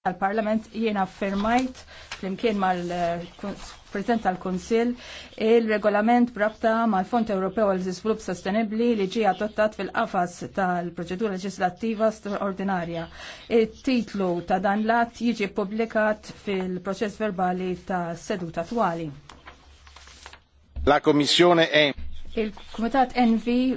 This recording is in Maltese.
tal-Parlament jiena affermajt flimkien mal-President tal-Konsil il-regolament brabta mal-Fond Ewropew għal żiżvilupp Sostenibbli li ġie adottat fil-qafas tal-proċedura leġislattiva straordinarja. It-titlu ta' dan lat jiġi publikat fil-proċess verbali ta' seduta twali. La Komissjoni E. il komitat NV